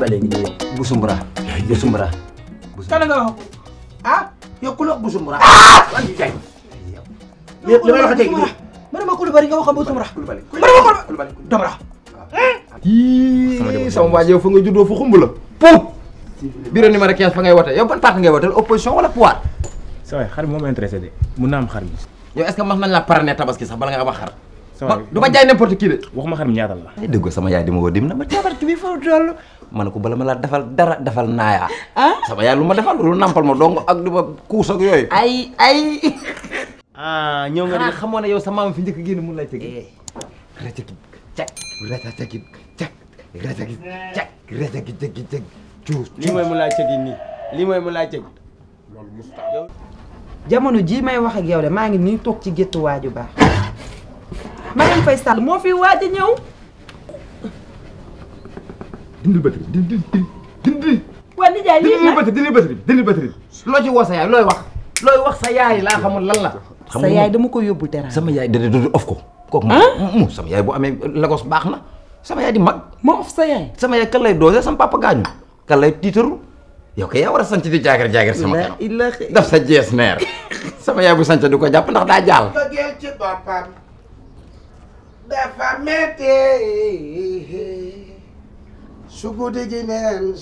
ba léegi ñu yem. Busumbura. Busumbura. kan nga wax ah yow ku la wax Busumbura. waaw ñu jaay ma. yow li ma la wax léegi nii. man ma Koulibaly nga waxoon Busumbura. Ah, Koulibaly Koulibaly Dabara. yii sama waa yow fa nga juddoo fu xumb la. Pou. bureau numéro 15 fa ngay wote yow ban parti ngay wote opposition wala pouvoir. saa waay xar bi moo de mun naa am xar bi. yow est-ce que mas nañ la parrainer sax bala nga wax xar. du ma jaay n'importe qui wax ma xam ñaata la. dégg sama yaay di ma woo na ma jabar ci bi fa toll ma ne ko bala ma la defal dara defal naayaa. Ah? sama yaay lu ma defal lu nampal ma dong ak du ma kuus ak yooyu. ay ay. ah ñëw nga di ah. xamoo ne yow sama maam fi njëkk génn mun lay tegi. rajo gi cak rajo gi gi cak rajo gi cak cak mu laa cegi nii lii mooy mu laa cegi. loolu jamono jii may wax ak yow de maa ngi nii toog ci géttu waaju ba Marième Faye Sall moo fi waaj a ñëw. dindil batterie dindil dindil. waaw nijaay lii nag dindil batterie loo ci woo sa yaay looy wax. looy wax sa yaay laa xamul lan la. sa yaay dama ko yóbbu dara. sama yaay dana doon of ko. kooku moom mm, sama yaay baax na. sama yaay di mag. moo of sa yaay. sama yaay kan lay doose sama papa gaañu. kan lay tiitaru. yow kay yaa war a sant di sama kanam. daf sa jees neer. sama yaay bu sant di ko jàpp ndax daa jaal. dafa méttee su guddi gi neen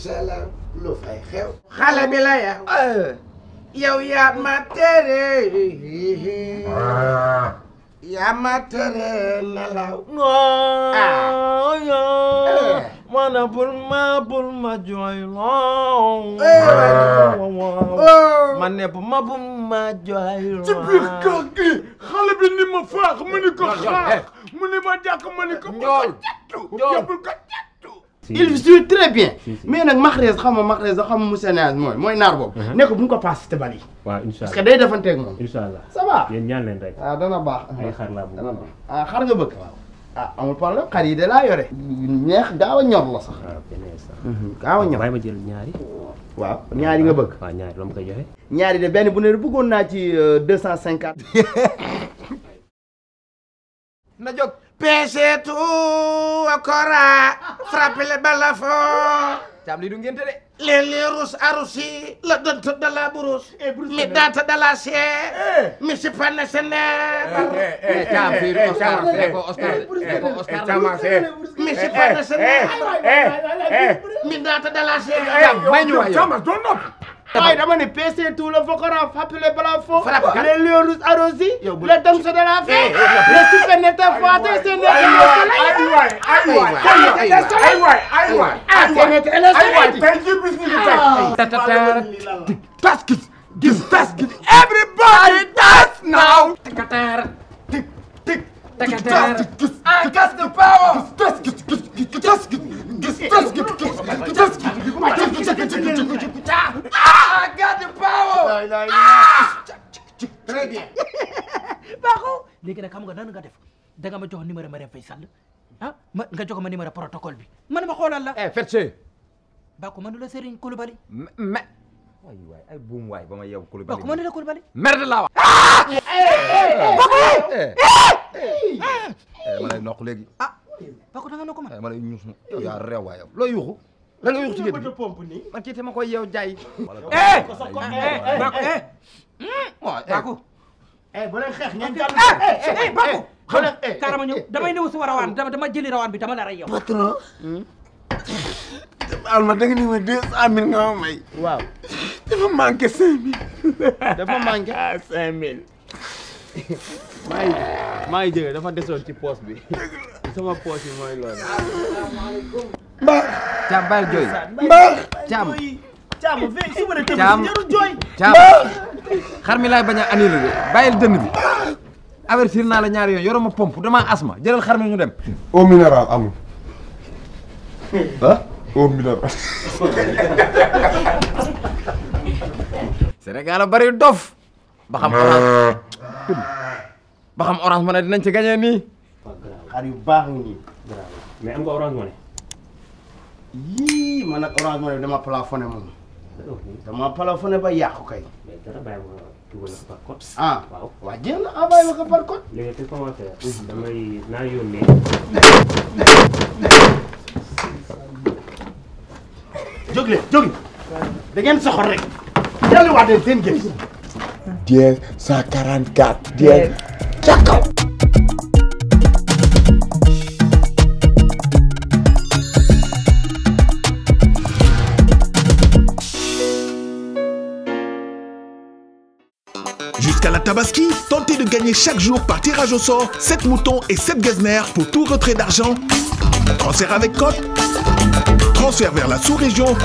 lu fay xew. xale bi la yow. Eh. yow yaa ma tere. yaa ma tere nelaw. non ah. mana bul ma bul ma jooy loo. Eh. Eh. ma ne bu ci biir kër gi xale bi ni ma faax mu ni ko xaax. ko jàkk ma ni ko. njool njool ko jattu il joue très bien. mais nag ma Mahrez xam ma Moussa Niass mooy mooy naar boobu. Uh-huh. ne bu ñu ko paas te bali. waaw incha allah parce que day defanteeg moom. incha allah ça va yéen ñaan leen rek. ah dana baax. ay xar laa bëgg ah, nga bëgg. ah amul problème xar yi de laa yore. neex gaaw a ñor la sax. waaw ah, beneen sax. Mhm, gaaw a ñor waaye ñaari. waaw ñaari nga bëgg. waaw ñaari la ma koy joxe. ñaari de benn bu ne bëggoon naa ci euh, deux cent cinquante. na jóg. peeseetu wa kora frappele bala fo tam li du ngente de léeg-léeg rus arusi la dënta dala eh, burus mi daata dala see eh. mi si panne se ne eh, mi si panne se ne mi daata dala see cam may ñu waaye dama ne PC tout le Vocoran fàppale balaa fo. les lions rouges arrosi. yow bu les dons de la fée. les suufee ne te fàtte seen. aywaay aywaay aywaay aywaay aywaay aywaay aywaay aywaay la ilaha illallah très bien baaxoo léegi nag xam nga nan nga def da ma jox numéro Marème Faye Sall ma nga jox ma numéro protocole bi man ma xoolal la eh fetche bako man la Serigne Koulibaly mais waay waay ay buum waay ba ma yow Koulibaly bako man la Koulibaly merde laa wax bako ma lay noq léegi ah ma lay ñuus na yow yaa reew waay yow lan nga yuux ci gétt gi pompe nii man ma koy yeew jaay eh bako eh, eh, eh, eh. Hmm? bako eh bu leen xeex ngeen eh bako xam nga damay néew sama rawaan dama jëli rawaan bi dama la rey yow patron hmm? alma da ni ma deux cent nga may waaw dafa manqué cinq mille dafa manqué ah, cinq mille maa ngi maa ngi jóge dafa desoon ci poos bi sama poos yi mooy loolu Thiam bàyyil jooy. mbaax Thiam. Thiam xar mi laay bañ a annulé bàyyil dënn bi. avertir naa la ñaari yoon yoroma pompe dama asma jëlal xar mi ñu dem. eau minérale amul. ah bari dof. ba xam ah. orange ba xam orange ma nii. yii man nag orange money dama plafonné moom. dama plafonné ba yàqu kay. mais dara bàyyi ma dugal ko par code. Ah, ah, ma ko par code. léegi te commencé damay naa yónnee. jóg leen jóg da ngeen soxor rek. delluwaatee seen géej. dièse cent Jusqu'à la Tabaski, tentez de gagner chaque jour par tirage au sort 7 moutons et 7 gazmères pour tout retrait d'argent. Transfert avec code, transfert vers la sous-région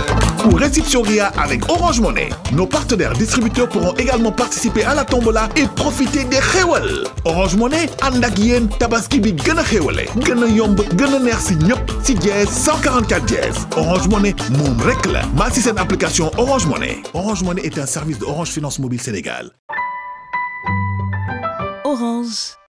ou réception RIA avec Orange Monnaie. Nos partenaires distributeurs pourront également participer à la tombola et profiter des xéwal. Orange Monnaie ànd ak tabaski bi gën a xéwale gën a yomb gën a neex si ñëpp si dièse 144 dièse Orange Monnaie la maa si seen application Orange Monnaie. Orange Monnaie est un service de Orange Orange.